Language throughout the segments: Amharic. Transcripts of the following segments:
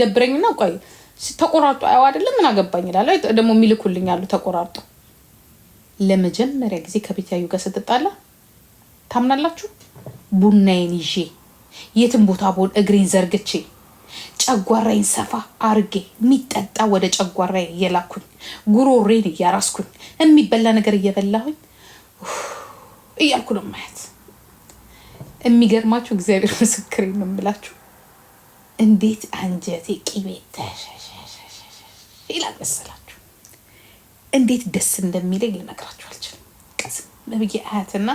ደብረኝና ቆይ ተቆራርጦ ያው አይደለም ምን አገባኝ ይላል። ደግሞ የሚልኩልኝ አሉ ተቆራርጦ። ለመጀመሪያ ጊዜ ከቤት ያዩ ጋር ስትጣላ ታምናላችሁ? ቡናዬን ይዤ የትም ቦታ ቦን እግሬን ዘርግቼ ጨጓራዬን ሰፋ አርጌ የሚጠጣ ወደ ጨጓራዬ እየላኩኝ ጉሮሬን እያራስኩኝ የሚበላ ነገር እየበላሁኝ እያልኩ ነው ማየት። የሚገርማችሁ እግዚአብሔር ምስክሬን ነው የምላችሁ እንዴት አንጀቴ ቂቤ ይላል መሰላችሁ። እንዴት ደስ እንደሚለኝ ልነግራችሁ አልችልም። ዝም ብዬ አያትና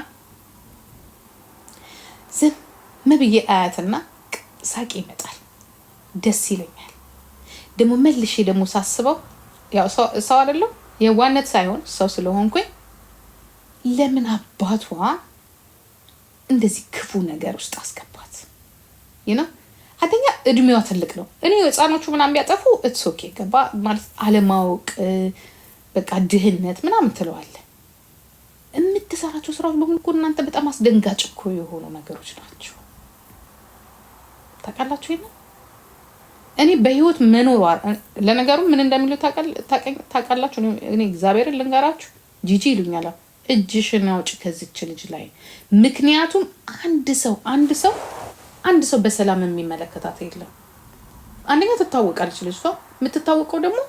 ዝም ብዬ አያትና ሳቅ ይመጣል፣ ደስ ይለኛል። ደግሞ መልሼ ደግሞ ሳስበው ያው ሰው አይደለም የዋነት ሳይሆን ሰው ስለሆንኩኝ ለምን አባቷ እንደዚህ ክፉ ነገር ውስጥ አስገባት ይነው አንደኛ እድሜዋ ትልቅ ነው። እኔ ህፃኖቹ ምናምን ቢያጠፉ እትስ ኦኬ ገባ ማለት አለማወቅ በቃ ድህነት ምናምን ትለዋለ። የምትሰራቸው ስራዎች በሙሉ እኮ እናንተ በጣም አስደንጋጭ እኮ የሆኑ ነገሮች ናቸው። ታውቃላችሁ ይነ እኔ በህይወት መኖሯ ለነገሩ ምን እንደሚሉ ታውቃላችሁ። እኔ እግዚአብሔርን ልንገራችሁ ጂጂ ይሉኛል። እጅሽን አውጪ ከዚች ልጅ ላይ ምክንያቱም አንድ ሰው አንድ ሰው አንድ ሰው በሰላም የሚመለከታት የለም። አንደኛ ትታወቃለች ልጅቷ። የምትታወቀው ደግሞ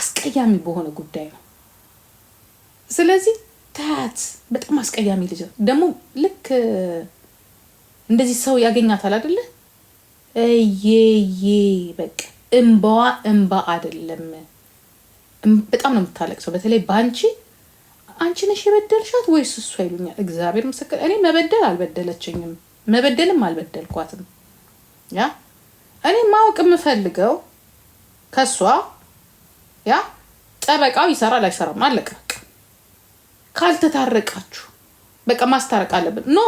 አስቀያሚ በሆነ ጉዳይ ነው። ስለዚህ ታያት፣ በጣም አስቀያሚ ልጅ ነው። ደግሞ ልክ እንደዚህ ሰው ያገኛታል አይደለ? እየዬ በቃ እምባዋ እምባ አይደለም፣ በጣም ነው የምታለቅሰው። በተለይ በአንቺ አንቺ ነሽ የበደልሻት ወይስ እሷ ይሉኛል። እግዚአብሔር ምስክር፣ እኔ መበደል አልበደለችኝም መበደልም አልበደልኳትም። ያ እኔ ማወቅ የምፈልገው ከሷ ያ ጠበቃው ይሰራል አይሰራም፣ አለቀ በቃ። ካልተታረቃችሁ በቃ ማስታረቅ አለብን። ኖ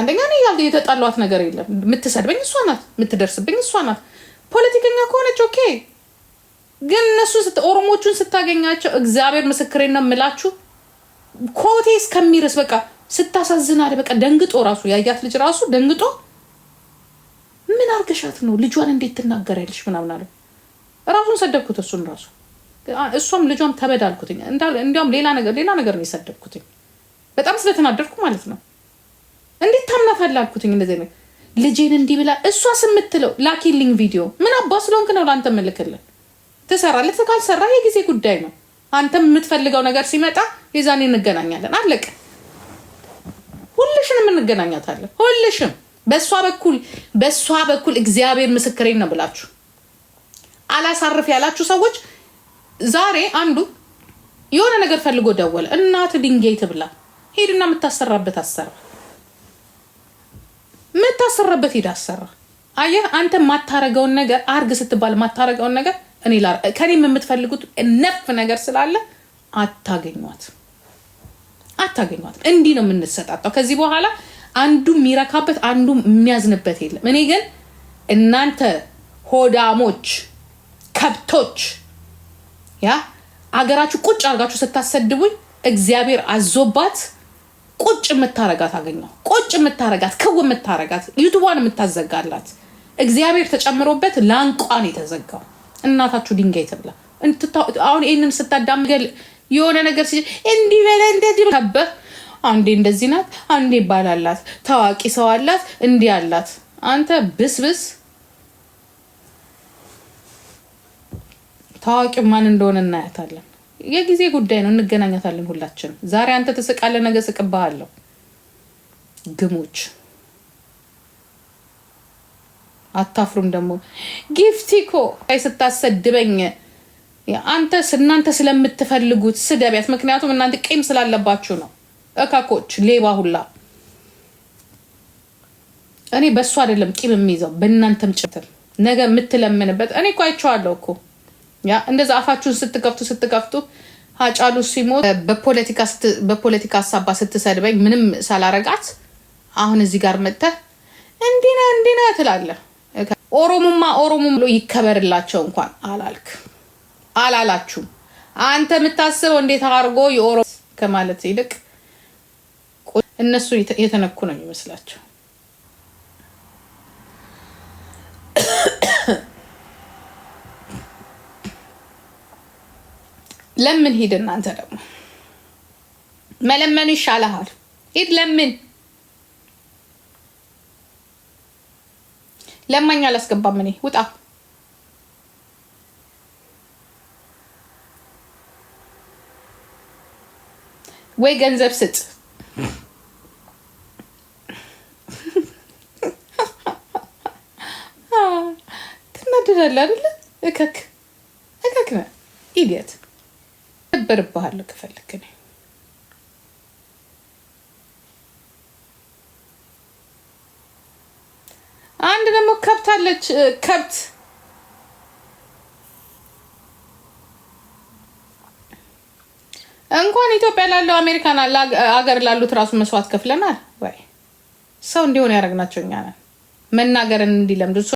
አንደኛ እኔ ያ የተጣሏት ነገር የለም። የምትሰድበኝ እሷ ናት፣ የምትደርስብኝ እሷ ናት። ፖለቲከኛ ከሆነች ኦኬ። ግን እነሱ ኦሮሞቹን ስታገኛቸው እግዚአብሔር ምስክሬን ነው የምላችሁ ኮቴ እስከሚርስ በቃ ስታሳዝናል። በቃ ደንግጦ ራሱ ያያት ልጅ ራሱ ደንግጦ ምን አርገሻት ነው ልጇን እንዴት ትናገሪያለሽ ምናምን አለ። ራሱን ሰደብኩት እሱን ራሱ እሷም ልጇም ተበዳልኩትኝ። እንዲያውም ሌላ ነገር ሌላ ነገር ነው የሰደብኩትኝ በጣም ስለተናደድኩ ማለት ነው። እንዴት ታምናታለህ አልኩትኝ። እንደዚህ ነው ልጄን እንዲህ ብላ እሷ ስምትለው ላኪልኝ ቪዲዮ። ምን አባ ስለሆንክ ነው ለአንተ የምልክልን? ትሰራለህ ካልሰራ የጊዜ ጉዳይ ነው። አንተም የምትፈልገው ነገር ሲመጣ የዛኔ እንገናኛለን። አለቀ። ሁሌም እንገናኛታለን። ሁልሽም በእሷ በኩል በእሷ በኩል እግዚአብሔር ምስክሬን ነው ብላችሁ አላሳርፍ ያላችሁ ሰዎች ዛሬ አንዱ የሆነ ነገር ፈልጎ ደወለ። እናት ድንጋይ ትብላ። ሄድና የምታሰራበት አሰራ፣ የምታሰራበት ሄድ አሰራ። አየህ አንተ ማታረገውን ነገር አርግ ስትባል ማታረገውን ነገር እኔ ከኔም የምትፈልጉት ነፍ ነገር ስላለ አታገኟት። አታገኟትም። እንዲህ ነው የምንሰጣጣው። ከዚህ በኋላ አንዱ የሚረካበት አንዱ የሚያዝንበት የለም። እኔ ግን እናንተ ሆዳሞች፣ ከብቶች ያ አገራችሁ ቁጭ አድርጋችሁ ስታሰድቡኝ እግዚአብሔር አዞባት ቁጭ የምታረጋት አገኘው። ቁጭ የምታረጋት ክው የምታረጋት ዩቱቧን የምታዘጋላት እግዚአብሔር ተጨምሮበት ላንቋን የተዘጋው እናታችሁ ድንጋይ ትብላ። አሁን ይህንን ስታዳምገል የሆነ ነገር ሲ እንዲህ በለ እንደዚህ አንዴ እንደዚህ ናት፣ አንዴ ይባላላት፣ ታዋቂ ሰው አላት፣ እንዲህ አላት። አንተ ብስብስ ታዋቂው ማን እንደሆነ እናያታለን። የጊዜ ጉዳይ ነው። እንገናኛታለን ሁላችንም። ዛሬ አንተ ትስቃለህ፣ ነገ ስቅብሃለሁ። ግሞች አታፍሩም ደግሞ ጊፍቲኮ ስታሰድበኝ አንተ እናንተ ስለምትፈልጉት ስደቢያት። ምክንያቱም እናንተ ቂም ስላለባችሁ ነው። እካኮች ሌባ ሁላ። እኔ በእሱ አይደለም ቂም የሚይዘው በእናንተም ጭትር ነገ የምትለምንበት እኔ እኮ አይቼዋለሁ እኮ ያ እንደዛ አፋችሁን ስትከፍቱ ስትከፍቱ ሀጫሉ ሲሞት በፖለቲካ አሳባ ስትሰድበኝ ምንም ሳላረጋት አሁን እዚህ ጋር መጥተህ እንዲና እንዲና ትላለህ። ኦሮሙማ ኦሮሙም ብሎ ይከበርላቸው እንኳን አላልክ። አላላችሁም። አንተ የምታስበው እንዴት አድርጎ የኦሮ ከማለት ይልቅ እነሱ የተነኩ ነው የሚመስላቸው። ለምን ሂድ። እናንተ ደግሞ መለመኑ ይሻልሃል። ሂድ ለምን ለማኛ አላስገባም። እኔ ውጣ ወይ ገንዘብ ስጥ። ትናደዳለህ አይደለ? እከክ እከክ ነህ ኢዲየት። እደበርብሃለሁ ከፈለክ እኔ አንድ ደግሞ ከብት አለች ከብት እንኳን ኢትዮጵያ ላለው አሜሪካን አገር ላሉት ራሱ መስዋዕት ከፍለናል ወይ ሰው እንዲሆን ያደረግናቸው እኛ ነን። መናገርን እንዲለምዱ